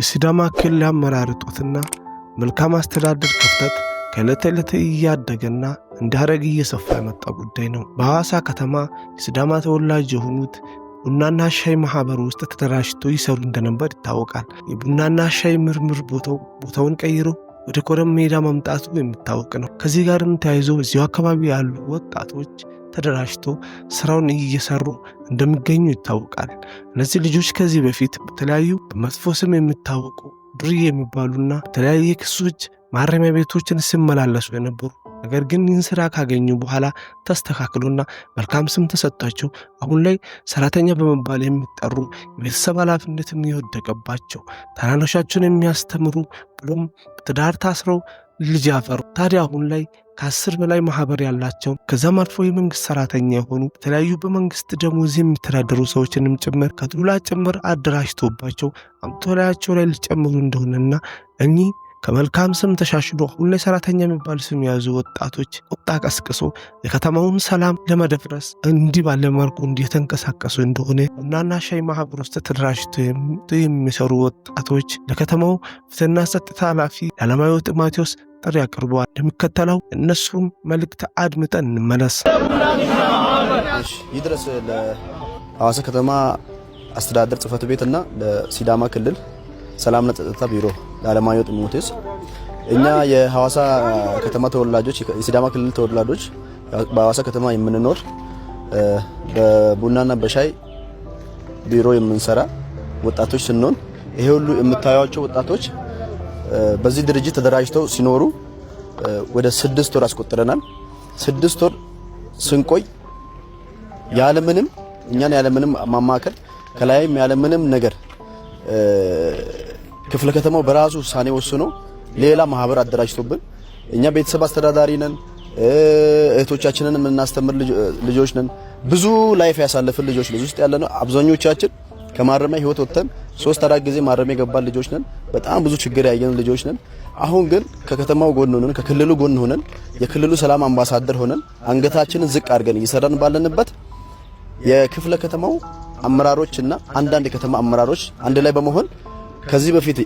የሲዳማ ክልል አመራር እጦትና መልካም አስተዳደር ክፍተት ከዕለት ዕለት እያደገና እንደ ሐረግ እየሰፋ የመጣ ጉዳይ ነው። በሐዋሳ ከተማ የሲዳማ ተወላጅ የሆኑት ቡናና ሻይ ማህበር ውስጥ ተደራጅቶ ይሰሩ እንደነበር ይታወቃል። የቡናና ሻይ ምርምር ቦታውን ቀይሮ ወደ ኮረም ሜዳ መምጣቱ የሚታወቅ ነው። ከዚህ ጋርም ተያይዞ እዚሁ አካባቢ ያሉ ወጣቶች ተደራጅቶ ስራውን እየሰሩ እንደሚገኙ ይታወቃል። እነዚህ ልጆች ከዚህ በፊት በተለያዩ በመጥፎ ስም የሚታወቁ ዱርዬ የሚባሉና በተለያየ ክሶች ማረሚያ ቤቶችን ሲመላለሱ የነበሩ ነገር ግን ይህን ስራ ካገኙ በኋላ ተስተካክሎና መልካም ስም ተሰጥቷቸው አሁን ላይ ሰራተኛ በመባል የሚጠሩ የቤተሰብ ኃላፊነት የወደቀባቸው ታናናሾቻቸውን የሚያስተምሩ ብሎም በትዳር ታስረው ልጅ ያፈሩ ታዲያ አሁን ላይ ከአስር በላይ ማህበር ያላቸው ከዛም አልፎ የመንግስት ሰራተኛ የሆኑ የተለያዩ በመንግስት ደሞዝ የሚተዳደሩ ሰዎችንም ጭምር ከዱላ ጭምር አደራጅቶባቸው አምጥቶ ላያቸው ላይ ሊጨምሩ እንደሆነና እኚህ ከመልካም ስም ተሻሽሎ አሁን ላይ ሰራተኛ የሚባል ስም የያዙ ወጣቶች ቁጣ ቀስቅሶ የከተማውን ሰላም ለመደፍረስ እንዲህ ባለ መልኩ እንደሆነ እናና ሻይ ማህበር ውስጥ ተደራጅቶ የሚሰሩ ወጣቶች ለከተማው ፍትህና ጸጥታ ኃላፊ ለዓለማየሁ ጢሞቴዎስ ጥሪ አቅርበዋል። እንደሚከተለው እነሱም መልእክት አድምጠን እንመለስ። ይድረስ ለሐዋሳ ከተማ አስተዳደር ጽህፈት ቤት እና ለሲዳማ ክልል ሰላምና ጸጥታ ቢሮ ለአለማየሁ ጢሞቴዎስ እኛ የሐዋሳ ከተማ ተወላጆች የሲዳማ ክልል ተወላጆች በሐዋሳ ከተማ የምንኖር በቡናና በሻይ ቢሮ የምንሰራ ወጣቶች ስንሆን ይሄ ሁሉ የምታዩቸው ወጣቶች በዚህ ድርጅት ተደራጅተው ሲኖሩ ወደ ስድስት ወር አስቆጥረናል። ስድስት ወር ስንቆይ ያለምንም እኛን ያለምንም ማማከል ከላይም ያለምንም ነገር ክፍለ ከተማው በራሱ ውሳኔ ወስኖ ሌላ ማህበር አደራጅቶብን እኛ ቤተሰብ አስተዳዳሪ ነን፣ እህቶቻችንን የምናስተምር ልጆች ነን። ብዙ ላይፍ ያሳለፍን ልጆች ውስጥ ያለ ነው አብዛኞቻችን ከማረሚያ ህይወት ወጥተን ሶስት አራት ጊዜ ማረሚያ የገባን ልጆች ነን። በጣም ብዙ ችግር ያየን ልጆች ነን። አሁን ግን ከከተማው ጎን ሆነን ከክልሉ ጎን ሆነን የክልሉ ሰላም አምባሳደር ሆነን አንገታችንን ዝቅ አድርገን እየሰራን ባለንበት የክፍለ ከተማው አመራሮችና አንዳንድ የከተማ አመራሮች አንድ ላይ በመሆን ከዚህ በፊት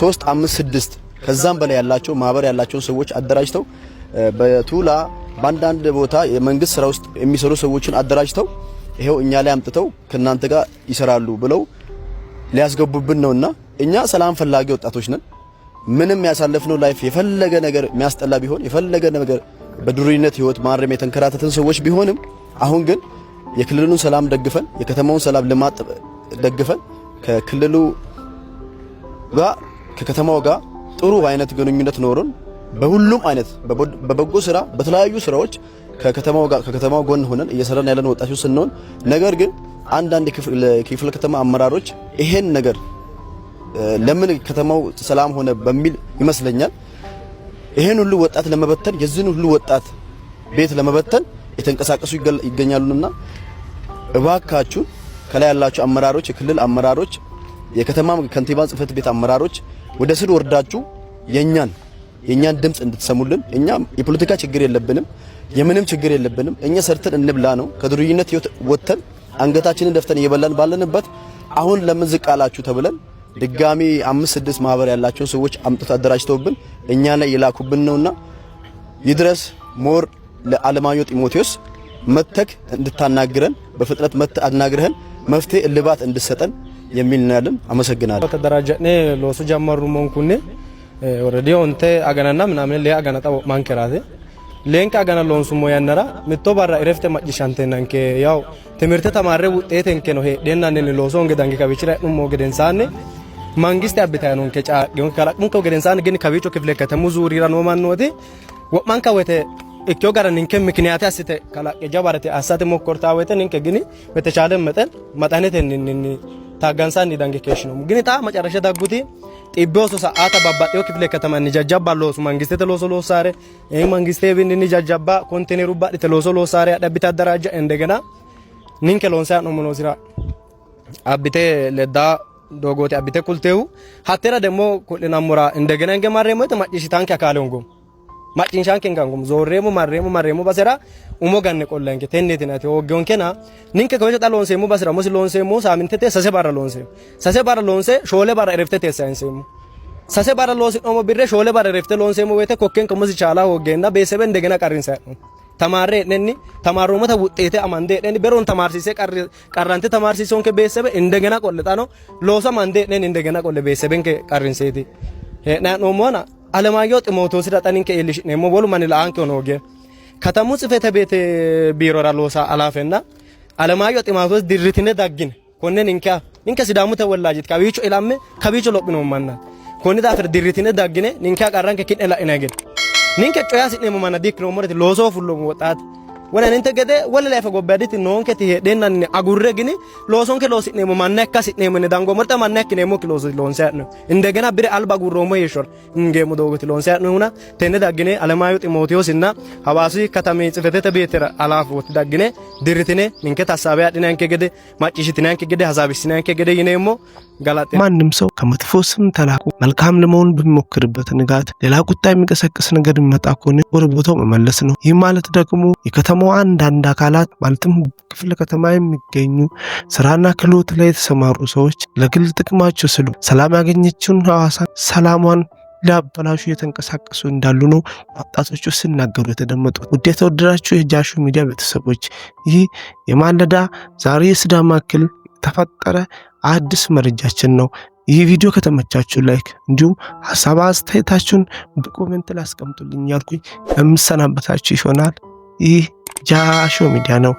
ሶስት አምስት ስድስት ከዛም በላይ ያላቸው ማህበር ያላቸውን ሰዎች አደራጅተው በቱላ በአንዳንድ ቦታ የመንግስት ስራ ውስጥ የሚሰሩ ሰዎችን አደራጅተው ይሄው እኛ ላይ አምጥተው ከእናንተ ጋር ይሰራሉ ብለው ሊያስገቡብን ነውና እኛ ሰላም ፈላጊ ወጣቶች ነን። ምንም ያሳለፍነው ላይፍ የፈለገ ነገር የሚያስጠላ ቢሆን የፈለገ ነገር በዱሪነት ህይወት ማረም የተንከራተትን ሰዎች ቢሆንም አሁን ግን የክልሉን ሰላም ደግፈን የከተማውን ሰላም ልማት ደግፈን ከክልሉ ጋር ከከተማው ጋር ጥሩ አይነት ግንኙነት ኖሮን በሁሉም አይነት በበጎ ስራ በተለያዩ ስራዎች ከከተማው ጋር ከከተማው ጎን ሆነን እየሰራን ያለን ወጣቶች ስንሆን፣ ነገር ግን አንዳንድ ክፍለ ከተማ አመራሮች ይሄን ነገር ለምን ከተማው ሰላም ሆነ በሚል ይመስለኛል ይሄን ሁሉ ወጣት ለመበተን የዚህን ሁሉ ወጣት ቤት ለመበተን የተንቀሳቀሱ ይገኛሉና እባካችሁን ከላይ ያላችሁ አመራሮች፣ የክልል አመራሮች፣ የከተማ ከንቲባ ጽህፈት ቤት አመራሮች ወደ ስር ወርዳችሁ የኛን የእኛን ድምፅ እንድትሰሙልን። እኛ የፖለቲካ ችግር የለብንም፣ የምንም ችግር የለብንም። እኛ ሰርተን እንብላ ነው። ከድርጅነት ህይወት ወጥተን አንገታችንን ደፍተን እየበላን ባለንበት አሁን ለምን ዝቅ አላችሁ ተብለን ድጋሚ አምስት ስድስት ማህበር ያላቸው ሰዎች አምጥቶ አደራጅተውብን እኛ ላይ የላኩብን ነውና ይድረስ ሞር ለአለማዮ ጢሞቴዎስ መተክ እንድታናግረን በፍጥነት መተ አናግረህን መፍትሄ እልባት እንድሰጠን የሚል ነው ያለን። አመሰግናለሁ። ተደራጀ ሎሱ ጀመሩ መንኩኔ ኦሬዲ ኦንቴ አገናና ምናምን ሌ አገና ጠቦ ማንከራቴ ሌንቅ አገና ሎንሱ ሞ ያነራ ምቶ ባራ ረፍተ ማጭሻንቴናንኬ ያው ትምህርት ተማረ ውጤቴንኬ ነው ሄ ደና ነን ሎሶ እንገዳንኬ ከብችራ ሞ ገደንሳኔ መንግስት ያብታያኑን ከጫ ግን ከው ገደንሳን ግን ከብቾ ክፍለ ከተሙ ዙሪራ ነው ማንወቴ ወማንካ ወቴ እክዮ ጋር ንንከ ምክንያት አስተ ካላቀ ጀባረቴ አሳተ ሞኮርታ ወተ ንንከ ግን በተቻለ መጠን መጣነቴ ታጋንሳን ዳንጌ ኬሽ ነው ግን ታ መጨረሻ ዳጉቲ ጢቦሱ ሰዓተ ባባጤዮ ክፍሌ ከተማ እንጃጃባ ሎሱ መንግስቴ ተሎሶ ሎሳሬ ይህ መንግስቴ ብን እንጃጃባ ኮንቴኔሩ ባድ ተሎሶ ሎሳሬ አዳቢት አደራጃ እንደገና ኒንከ ሎንሳ ኖምኖ ሲራ አብቴ ለዳ ዶጎቴ አብቴ ኩልቴው ሀቴራ ደግሞ ኩልናሙራ እንደገና እንገ ማሬሞት ማጭሽታንከ አካሌንጎም macinshaan keen kan kum zoorreemu marreemu marreemu basera umo ganne qollan ke tenneeti na teoggon kena ninke kawacha ta loonseemu basera musi loonseemu saamintete sase bara loonseemu sase bara loonse shoole bara erefte teessaainseemu sase bara loosidhomo birre shoole bara erefte loonseemu woyte kokkeen kamusi chaalaa hoggeenna beesebe indegena qarrinsaadhu tamaare edhenni tamaaroomata wuxeete amande edheni beroon tamaarsiise qarrante tamaarsiisonke beesebe indegena qolle xano loosa mande edheni indegena qolle beesebe nke qarrinseeti hedhaa dhoomoona አለማየሁ ጢሞቴዎስ ዳጠኒን ከኤልሽ ነሞ ቦሉ ማን ለአንከ ነው ወገ ከተሙ ጽፈተ ቤት ቢሮ ራሎሳ አላፈና አለማየሁ ጢሞቴዎስ ድርትነ ዳግን ኮነን እንካ እንከ ሲዳሙ ተወላጅት ካቢቹ ኢላም ካቢቹ ሎቅኖ ማና ኮነ ዳፍር ድርትነ ዳግነ ንንካ ቀራን ከኪደላ ኢናገድ ንንከ ጮያስ ነሞ ማና ዲክ ነው ሞረት ሎሶ ፉሎ ወጣት ወለንንተ ገደ ወለ ላይ ፈጎበዲት ኖንከ ትሄደናን አጉረ ግን ሎሶንከ ሎሲኔሞ ማናካ ሲኔሞ ነዳንጎ መርጣ ማናክ ኔሞ ክሎስ ሎንሰ ነው እንደገና ብረ አልባ ጉሮሞ ይሾር እንገሙ ዶጎት ሎንሰ ነውና ተነ ዳግኔ አለማዩ ጢሞቴዎስ እና ሐዋሲ ከተሜ ጽፈተ ቤተረ አላፎት ዳግኔ ድርትኔ ምንከ ታሳቢያ ድናንከ ገደ ማጭሽትናንከ ገደ ሐሳብስናንከ ገደ ይኔሞ ማንም ሰው ከመጥፎ ስም ተላቆ መልካም ለመሆን በሚሞክርበት ንጋት ሌላ ቁጣ የሚቀሰቅስ ነገር የሚመጣ ከሆነ ወደ ቦታው መመለስ ነው። ይህ ማለት ደግሞ የከተማው አንዳንድ አካላት ማለትም ክፍለ ከተማ የሚገኙ ስራና ክህሎት ላይ የተሰማሩ ሰዎች ለግል ጥቅማቸው ስሉ ሰላም ያገኘችውን ሐዋሳ ሰላሟን ሊያበላሹ እየተንቀሳቀሱ እንዳሉ ነው ወጣቶቹ ሲናገሩ የተደመጡት። ውድ የተወደዳችሁ የጃሹ ሚዲያ ቤተሰቦች ይህ የማለዳ ዛሬ የሲዳማ ክልል የተፈጠረ አዲስ መረጃችን ነው። ይህ ቪዲዮ ከተመቻችሁ ላይክ፣ እንዲሁም ሀሳብ አስተያየታችሁን በኮሜንት ላይ አስቀምጡልኝ ያልኩኝ የምሰናበታችሁ ይሆናል። ይህ ጃሾ ሚዲያ ነው።